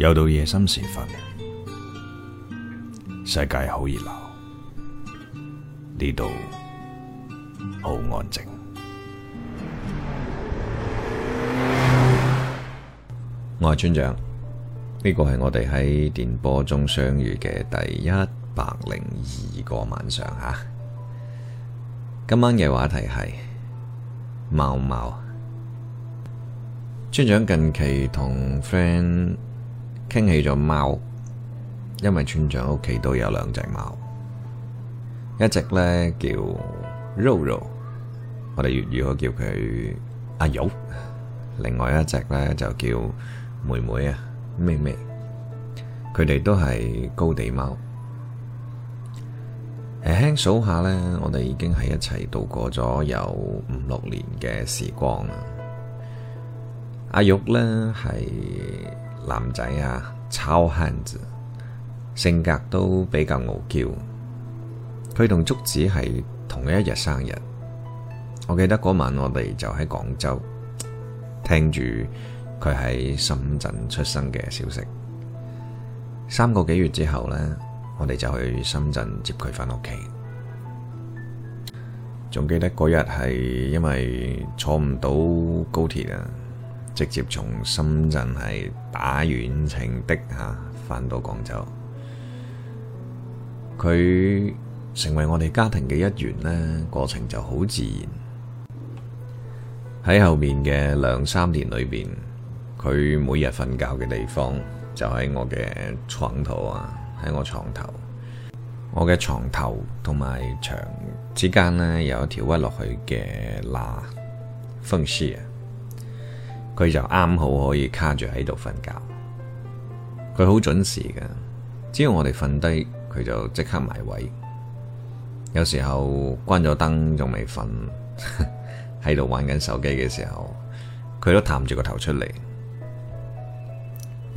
又到夜深時分，世界好熱鬧，呢度好安靜。我係村長，呢個係我哋喺電波中相遇嘅第一百零二個晚上吓。今晚嘅話題係貓貓。村長近期同 friend，傾起咗貓，因為村長屋企都有兩隻貓，一隻咧叫肉肉，我哋粵語可叫佢阿玉，另外一隻咧就叫妹妹啊，咩咩，佢哋都係高地貓，輕輕數下咧，我哋已經喺一齊度過咗有五六年嘅時光啦。阿玉咧係。男仔啊，糙漢子，性格都比較傲嬌。佢同竹子係同一日生日，我記得嗰晚我哋就喺廣州聽住佢喺深圳出生嘅消息。三個幾月之後呢，我哋就去深圳接佢返屋企。仲記得嗰日係因為坐唔到高鐵啊，直接從深圳係打遠程的嚇，翻到廣州，佢成為我哋家庭嘅一員呢，過程就好自然。喺後面嘅兩三年裏邊，佢每日瞓覺嘅地方就喺我嘅床頭啊，喺我床頭，我嘅床頭同埋牆之間呢，有一條屈落去嘅罅縫隙。佢就啱好可以卡住喺度瞓覺，佢好準時噶只要我哋瞓低，佢就即刻埋位。有時候關咗燈仲未瞓，喺度 玩緊手機嘅時候，佢都探住個頭出嚟。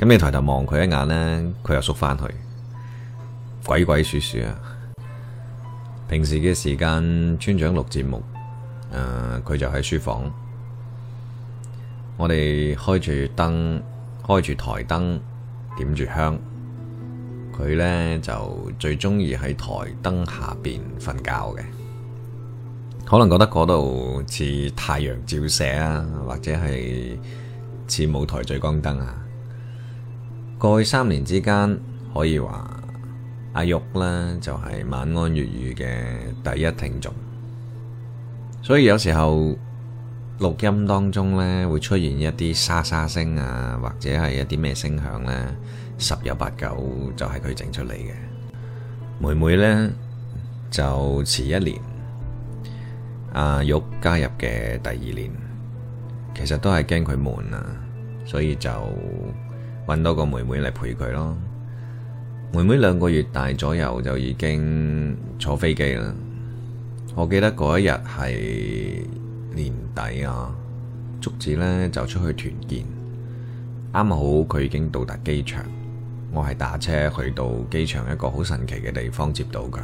咁你抬頭望佢一眼咧，佢又縮翻去，鬼鬼祟祟啊！平時嘅時間，村長錄節目，誒、呃，佢就喺書房。我哋開住燈，開住台燈，點住香，佢咧就最中意喺台燈下邊瞓覺嘅，可能覺得嗰度似太陽照射啊，或者係似舞台聚光燈啊。過去三年之間，可以話阿肉咧就係、是、晚安粵語嘅第一聽眾，所以有時候。錄音當中呢，會出現一啲沙沙聲啊，或者係一啲咩聲響呢？十有八九就係佢整出嚟嘅。妹妹呢，就遲一年，阿、啊、肉加入嘅第二年，其實都係驚佢悶啊，所以就揾多個妹妹嚟陪佢咯。妹妹兩個月大左右就已經坐飛機啦。我記得嗰一日係。年底啊，竹子呢就出去團建，啱好佢已經到達機場，我係打車去到機場一個好神奇嘅地方接到佢。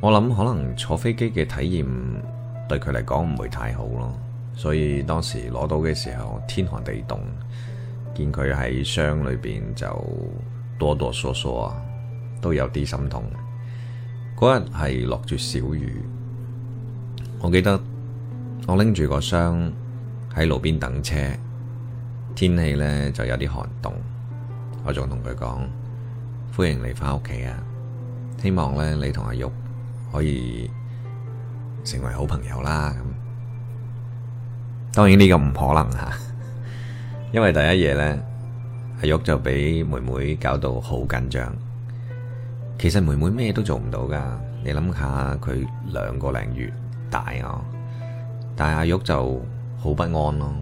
我諗可能坐飛機嘅體驗對佢嚟講唔會太好咯，所以當時攞到嘅時候天寒地凍，見佢喺箱裏邊就哆哆嗦嗦啊，都有啲心痛。嗰日係落住小雨，我記得。我拎住個箱喺路邊等車，天氣咧就有啲寒凍。我仲同佢講：歡迎你翻屋企啊！希望咧你同阿肉可以成為好朋友啦。咁、嗯、當然呢個唔可能吓、啊，因為第一夜咧，阿肉就俾妹妹搞到好緊張。其實妹妹咩都做唔到噶，你諗下佢兩個零月大我、啊。但阿肉就好不安咯，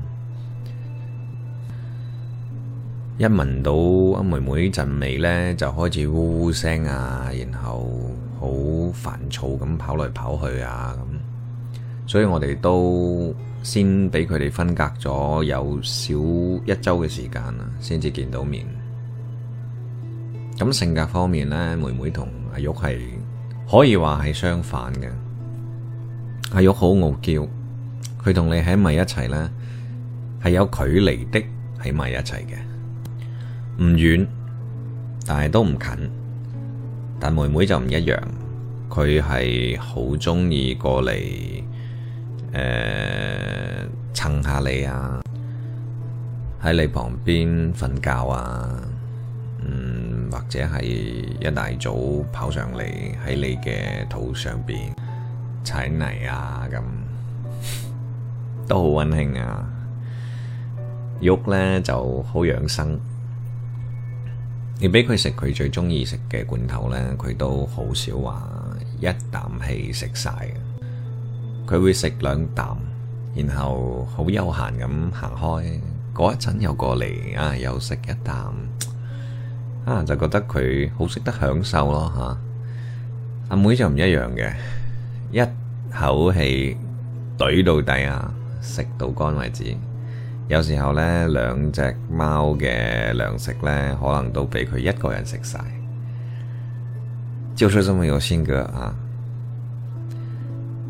一聞到阿妹妹陣味咧，就開始嗚嗚聲啊，然後好煩躁咁跑來跑去啊咁，所以我哋都先俾佢哋分隔咗有少一周嘅時間啦，先至見到面。咁性格方面咧，妹妹同阿肉係可以話係相反嘅，阿肉好傲嬌。佢同你喺埋一齊咧，係有距離的喺埋一齊嘅，唔遠，但係都唔近。但妹妹就唔一樣，佢係好鍾意過嚟，誒、呃，蹭下你啊，喺你旁邊瞓覺啊，嗯，或者係一大早跑上嚟喺你嘅肚上邊踩奶啊咁。都好温馨啊，肉咧就好養生。你畀佢食佢最中意食嘅罐頭咧，佢都好少話一啖氣食晒嘅，佢會食兩啖，然後好悠閒咁行開，嗰一陣又過嚟啊，又食一啖，啊就覺得佢好識得享受咯吓。阿、啊、妹就唔一樣嘅，一口氣懟到底啊！食到乾為止，有時候呢兩隻貓嘅糧食呢，可能都俾佢一個人食晒。招出心去我先腳啊！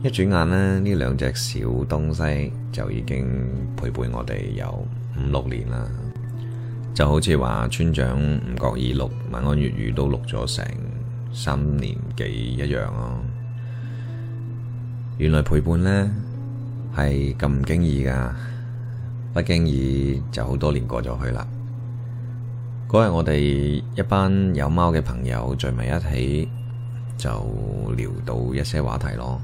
一轉眼咧，呢兩隻小東西就已經陪伴我哋有五六年啦，就好似話村長唔覺意錄晚安粵語都錄咗成三年幾一樣咯、哦。原來陪伴呢。係咁唔經意㗎，不經意就好多年過咗去啦。嗰日我哋一班有貓嘅朋友聚埋一起，就聊到一些話題咯。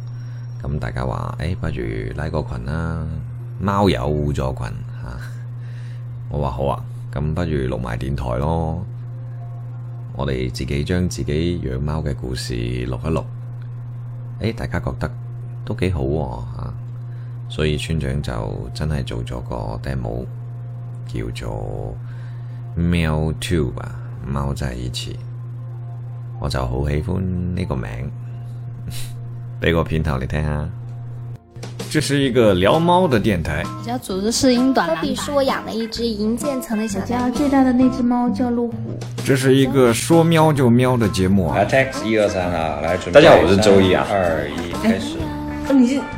咁大家話：誒，不如拉個群啦，貓友互助群。 吓我話好啊，咁不如錄埋電台咯。我哋自己將自己養貓嘅故事錄一錄。誒，大家覺得都幾好喎吓。所以村長就真係做咗個 demo，叫做喵 tube 啊，貓在一起。我就好喜歡呢個名，俾 個片頭你聽下、啊。這是一個撩貓的電台。我家主子是英短。科比是我養的一隻銀漸層的小貓。家最大的那隻貓叫路虎。這是一個說喵就喵的節目、啊來 text, 1, 2,。來 text 一二三啊，來準備。大家好，我是周一啊。二一，開始。哦、哎，你。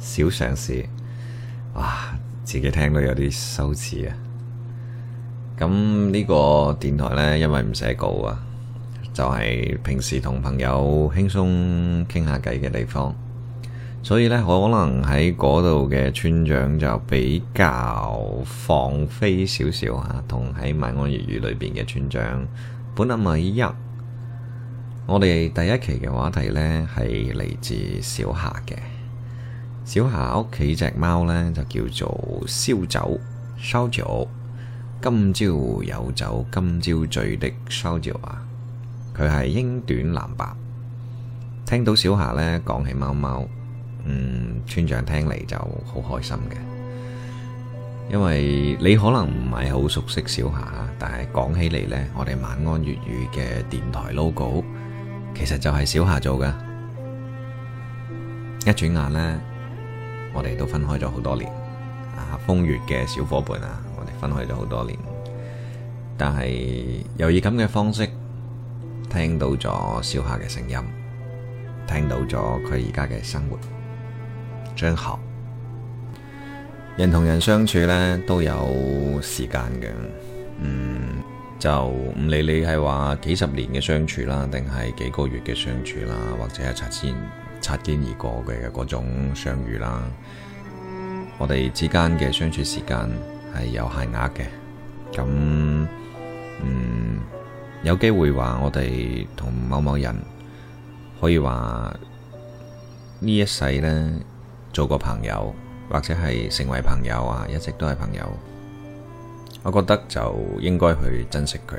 小嘗試，哇！自己聽到有啲羞恥啊。咁呢個電台呢，因為唔寫稿啊，就係、是、平時同朋友輕鬆傾下偈嘅地方，所以呢，我可能喺嗰度嘅村長就比較放飛少少嚇，同喺晚安粵語裏邊嘅村長。本阿米一，我哋第一期嘅話題呢，係嚟自小俠嘅。小俠屋企隻貓呢，就叫做燒酒，燒酒，今朝有酒今朝醉的燒酒啊！佢係英短藍白。聽到小俠呢講起貓貓，嗯，村長聽嚟就好開心嘅，因為你可能唔係好熟悉小俠，但係講起嚟呢，我哋晚安粵語嘅電台 logo，其實就係小俠做嘅。一轉眼呢。我哋都分開咗好多年，啊，風月嘅小伙伴啊，我哋分開咗好多年，但係又以咁嘅方式聽到咗小俠嘅聲音，聽到咗佢而家嘅生活。張學，人同人相處咧都有時間嘅，嗯，就唔理你係話幾十年嘅相處啦，定係幾個月嘅相處啦，或者係擦肩。擦肩而過嘅嘅嗰種相遇啦，我哋之間嘅相處時間係有限額嘅。咁嗯，有機會話我哋同某某人可以話呢一世呢，做個朋友，或者係成為朋友啊，一直都係朋友，我覺得就應該去珍惜佢。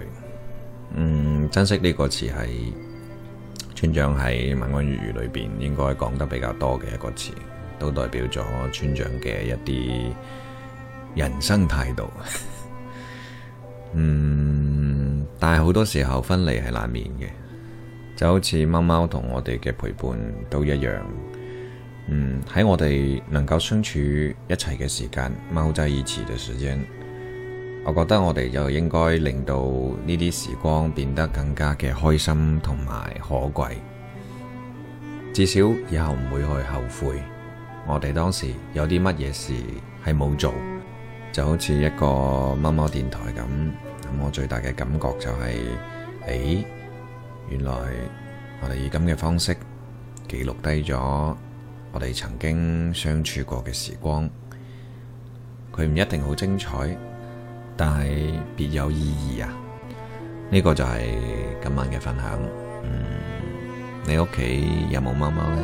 嗯，珍惜呢個詞係。村長喺晚安粵語裏邊應該講得比較多嘅一個詞，都代表咗村長嘅一啲人生態度。 嗯，但係好多時候分離係難免嘅，就好似貓貓同我哋嘅陪伴都一樣。嗯，喺我哋能夠相處一齊嘅時間，貓在一起嘅時間。我覺得我哋就應該令到呢啲時光變得更加嘅開心同埋可貴，至少以後唔會去後悔。我哋當時有啲乜嘢事係冇做，就好似一個貓貓電台咁。咁我最大嘅感覺就係，誒，原來我哋以咁嘅方式記錄低咗我哋曾經相處過嘅時光，佢唔一定好精彩。但係別有意義啊！呢個就係今晚嘅分享。嗯，你屋企有冇貓貓呢？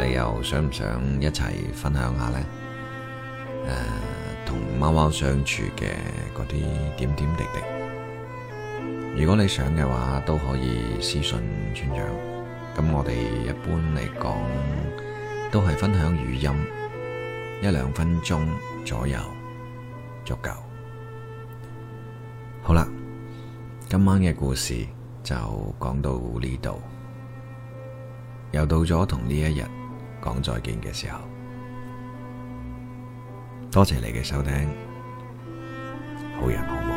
你又想唔想一齊分享下呢？誒、啊，同貓貓相處嘅嗰啲點點滴滴。如果你想嘅話，都可以私信村長。咁我哋一般嚟講，都係分享語音，一兩分鐘左右足夠。好啦，今晚嘅故事就講到呢度，又到咗同呢一日講再見嘅時候，多謝你嘅收聽，好人好。